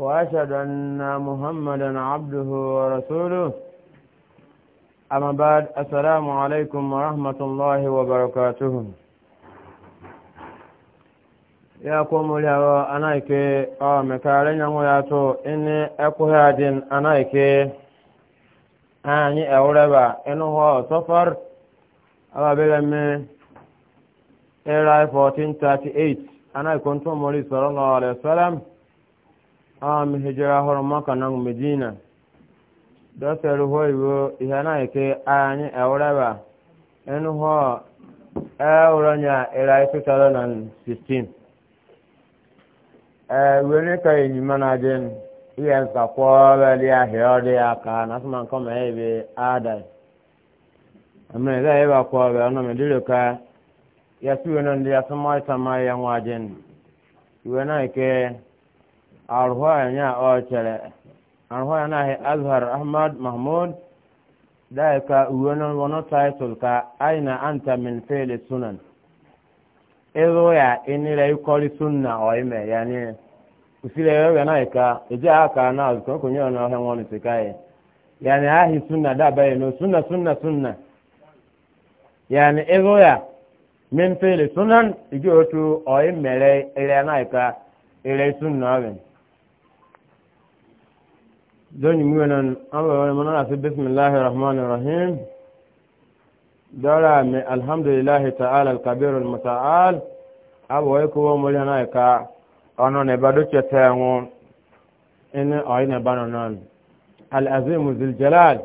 وأشهد أن محمدا عبده ورسوله أما بعد السلام عليكم ورحمة الله وبركاته ya komo yawa anaike a mekaren yanwo ya to ini ekuhadin anaike anyị ewureba inuhu sofar ababere mme era 1438 anaikon tumori sallallahu alaihi Salam. am hijira horo maka na medina da sere ho iwo ihe na ike anyị ewureba enu ho ewuro nya ira 2016 eh wene ka yi mana jen iya nsa kwọrọ dị ahịa ọdị aka na asụma nke ọma ebe ada amma ya zai ba kwọrọ ọnụ mai dịrị ka ya su wani ndị asụma ịta ma ya nwa jen iwe na ike arhoanya o oh, chere arhoana he azhar ahmad mahmud da ka uwono wono title ka aina anta min fi'li sunan ezo ya sunna o oh, ime yani usile yo ka eje aka na azuko kunyo na he wonu tikai yani ahi sunna da bayi no sunna sunna sunna yani ezo ya min fi'li sunan ijo otu o oh, imere ire na ka sunna don yi miwanan an bai wani manana fi bismillahi rahmanir rahim dara mai alhamdulillahi ta'ala alkabir almata'al abu wai kowa muli na ka ono ne ba duke ta yanwu ina oyi ne ba nan al'azim ziljalal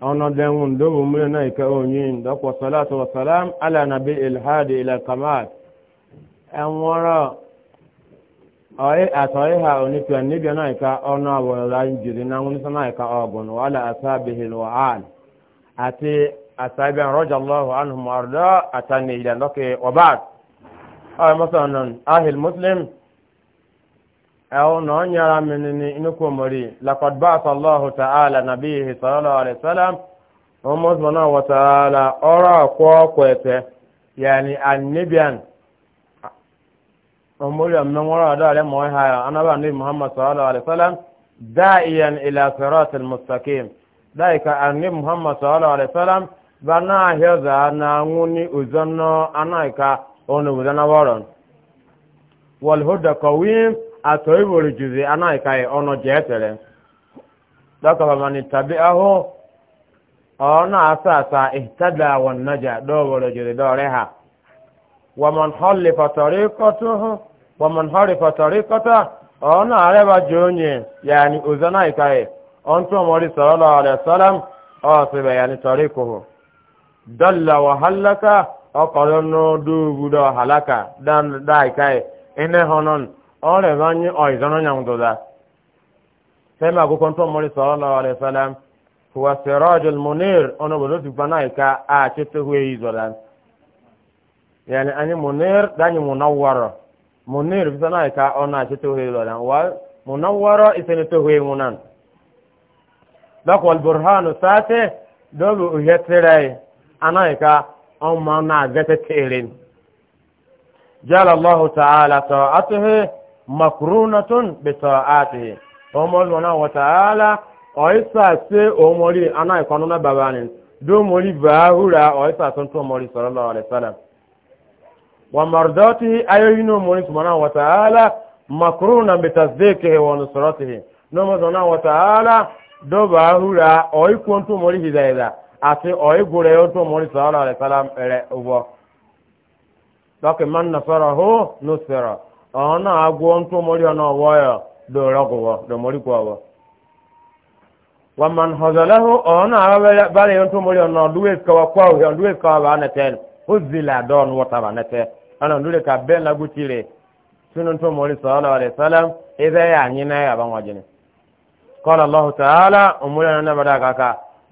ono den wun dubu muli na ka onyin da salatu wa salam ala ilhadi ila kamal an wara oye atoye ha onipia nibia na ika ona awola njiri na ngunisa na ika ogun wala asabihi alwa'al ati asabi roja allah anhum arda atani ila ndoke wabad ay masalan ahil muslim aw no nyara menini inuko mori laqad ba'atha allah ta'ala nabiyhi sallallahu alaihi wasallam umma na wa ta'ala ora kwa kwete yani annibian من نمر دار موها أنا بني محمد صلى الله عليه وسلم داعيا إلى صراط المستقيم ذلك أني محمد صلى الله عليه وسلم بنا هذا نعوني أزنا أنايكا أنو بدنا ورن والهدى قويم أتويب الجزء أنايكا أنو جهتل ذلك فمن تبعه أنا أساسا اهتدى والنجا دور الجزء دورها ومن خلف طريقته ومن حرف طريقته أنا عرب جوني يعني أذنائك أنتم مولي صلى الله عليه وسلم أصيب يعني طريقه دل وهلك أقلن دوبود هلك دان دايك إنهن أرباني أيضا يمدد فما كنتم مولي صلى الله عليه وسلم هو سراج المنير أنا بدوت بنائك آتته هي يعني أني منير داني منور munir bisana ka ona ce to he lolan wa munawwara isene to he munan dak wal burhanu sate dobu yetrai anaika on ma na gata tirin jala allah ta'ala ta'atuhu makrunatun bi ta'atihi omol wana wa ta'ala oisa se omori anaika onuna babanin do mori bahura oisa tun to mori sallallahu alaihi wasallam wa mardatihi ayoyinu muni subhanahu wa ta'ala makruna bi tasdiqihi wa nusratihi no mo zona wa ta'ala do ba hura oy kontu mori hidaida ati oy gure yo to mori sallallahu alaihi wasallam ere ubo doke man nasarahu nusra ona agwon to mori ona woyo do rogo do mori ko wo wa man hazalahu ona bale yo to mori ona duwe ka wa kwa duwe ka wa na huzila don wata ba na te ana dole ka ben la gutire sunun to mori sallallahu alaihi wasallam ya nyina ya ban qala allah ta'ala na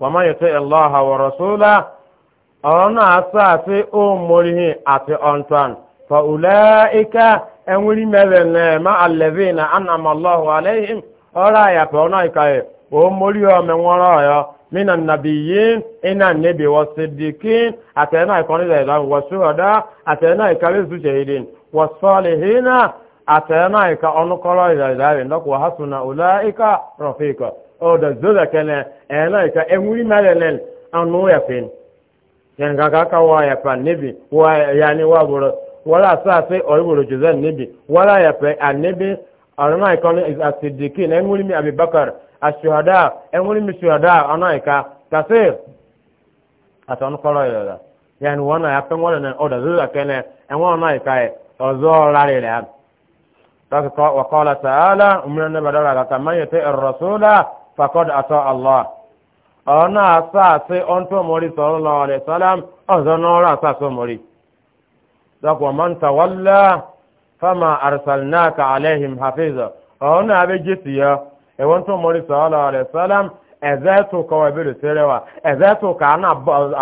wa ma allah wa rasula asa ati ontan fa ulaika ma an'ama allah alaihim ora ya mori o من النبيين إن النبي والصديقين أتينا يكون إذا والشهداء أتينا يكاليس شهيدين والصالحين أتينا يكأنقر إذا إذا وحسن أولئك رفيقا أو ده زوجة كنا أنا يكا أموري مالين أنو يفين يعني كاكا ويفان نبي ويعني وابر ولا ساسي أو يبر جزء نبي ولا يفين النبي ana ikon is asidikin en wuri mi abubakar ashuhada en wuri mi shuhada ana ika kasir atan koro yoda yani wana ya pen wana oda zuza kene en wana ika e ozo rare le Taka wa qala ta'ala umran na badara ka kaman yata ar-rasula faqad ata Allah ona asa se onto mori sallallahu alaihi wasallam ọzọ no asa so mori Dakwa man فما أرسلناك عليهم حفيظا هنا نعم، أبي جيسي إيه، أنا لكم مولي صلى الله عليه أنا أذاتك وابل أنا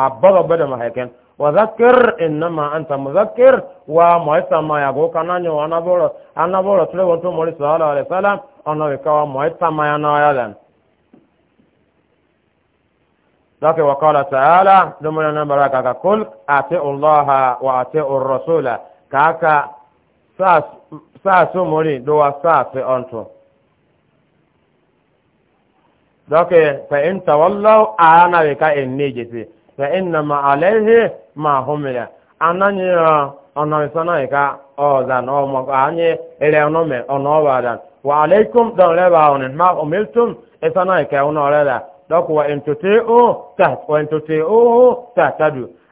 أبضى بدم هكين وذكر إنما أنت مذكر ومؤسسا ما يقول كان أنا وأنا بولا أنا بولا تلي يقول لكم مولي صلى الله عليه وسلم أنا بكوا مؤسسا ما ينوي أذن ذاك وقال تعالى دمنا نبرك كل أتي الله وأتي الرسول كاكا saa so mori do wa saa fe onto doke fa in tawallaw ana ka en neje se fa inna ma alayhi ma humila ananye ona sana ka o za no mo anye ele ono me ono wa dan wa alaykum dan le ba ma umiltum esana ka ono da wa in wa in ta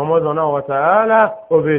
ọmọdún náà wọ̀tàálà òbí